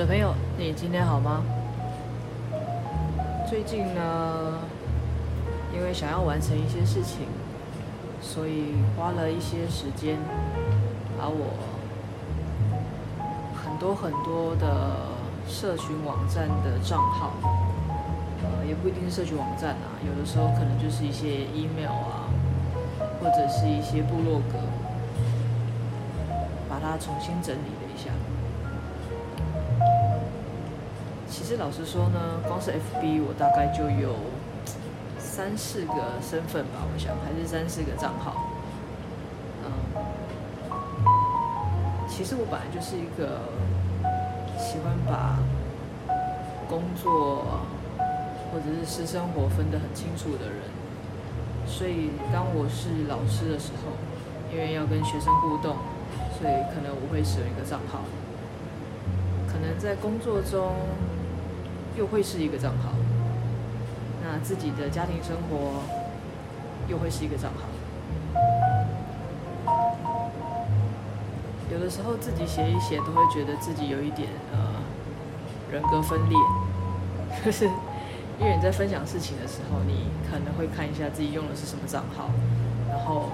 我的朋友，你今天好嗎？最近呢，因為想要完成一些事情，所以花了一些時間，把我很多很多的社群網站的賬號，呃，也不一定是社群網站啊，有的時候可能就是一些 email 啊，或者是一些部落格，把它重新整理。其實老實說呢，光是 FB 我大概就有三四個身份吧，我想還是三四個賬號。嗯，其實我本來就是一個喜歡把工作或者是私生活分得很清楚的人，所以當我是老師的時候，因為要跟學生互動，所以可能我會使用一個賬號，可能在工作中。又會是一個賬號，那自己的家庭生活又會是一個賬號。有的時候自己寫一寫，都會覺得自己有一點呃人格分裂，就 是因為你在分享事情的時候，你可能會看一下自己用的是什麼賬號，然後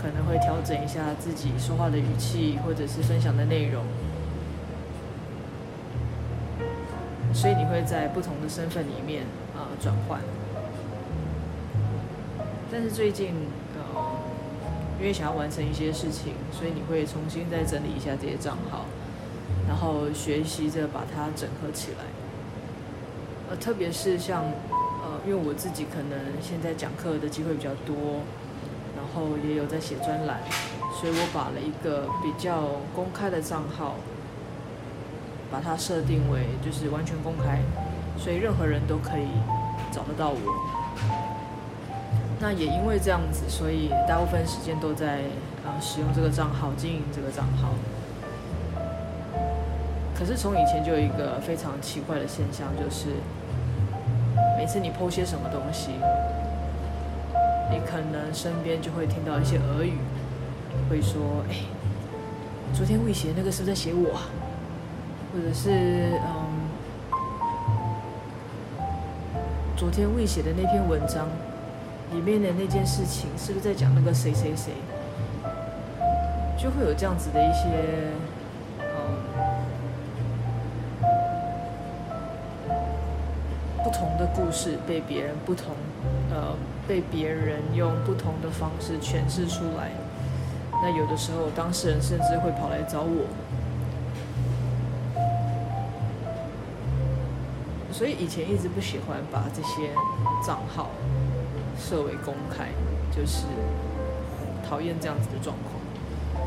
可能會調整一下自己說話的語氣或者是分享的內容。所以你會在不同的身份裡面啊，呃，轉換，但是最近呃，因為想要完成一些事情，所以你會重新再整理一下這些賬號，然後學習着把它整合起來。呃，特別是像呃，因為我自己可能現在講課的機會比較多，然後也有在寫專欄，所以我把了一個比較公開的賬號。把它設定為就是完全公開，所以任何人都可以找得到我。那也因為這樣子，所以大部分時間都在、呃、使用這個賬號經營這個賬號。可是從以前就有一個非常奇怪的現象，就是每次你 po 些什麼東西，你可能身邊就會聽到一些耳語，會說：“哎，昨天魏寫那個是不是在寫我？”或者是嗯，昨天 Wei 寫的那篇文章裡面的那件事情，是不是在講那個誰誰誰？就會有這樣子的一些、嗯、不同的故事被別人不同、呃、嗯、被別人用不同的方式詮釋出來。那有的時候當事人甚至會跑來找我。所以以前一直不喜歡把這些賬號設為公開，就是討厭這樣子的狀況。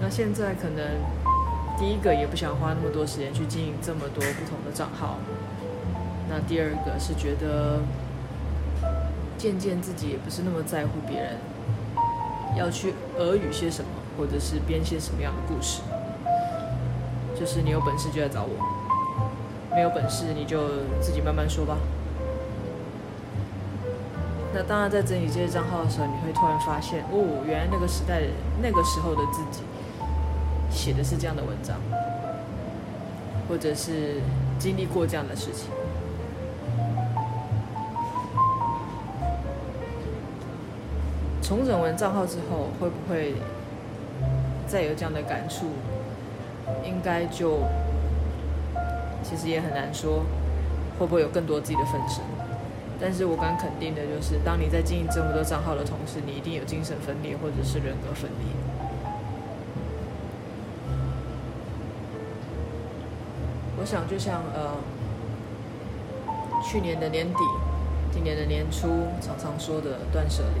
那現在可能第一個也不想花那麼多時間去經營這麼多不同的賬號，那第二個是覺得漸漸自己也不是那麼在乎別人要去耳語些什麼，或者是編些什麼樣的故事，就是你有本事就來找我。沒有本事，你就自己慢慢說吧。那當然，在整理這些賬號的時候，你會突然發現，哦，原來那個時代、那個時候的自己，寫的是這樣的文章，或者是經歷過這樣的事情。重整完賬號之後，會不會再有這樣的感觸？應該就。其實也很難說會不會有更多自己的分身，但是我敢肯定的就是，當你在經營這麼多賬號的同時，你一定有精神分裂或者是人格分裂。我想就像呃去年的年底，今年的年初常常說的斷捨離，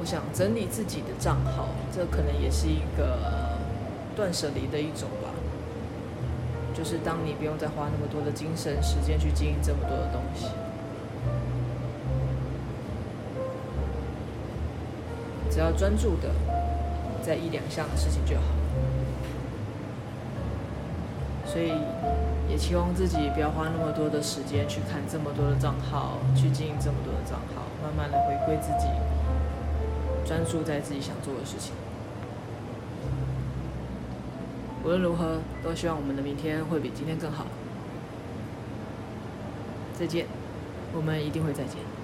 我想整理自己的賬號，這可能也是一個斷捨離的一種吧。就是當你不用再花那麼多的精神時間去經營這麼多的東西，只要專注的在一兩項的事情就好。所以也希望自己不要花那麼多的時間去看這麼多的賬號，去經營這麼多的賬號，慢慢的回歸自己，專注在自己想做的事情。無論如何，都希望我們的明天會比今天更好。再見，我們一定會再見。